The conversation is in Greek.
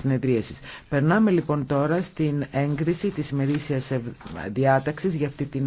συνεδρίασης. Περνάμε λοιπόν τώρα στην έγκριση της ημερήσιας διάταξης για αυτή την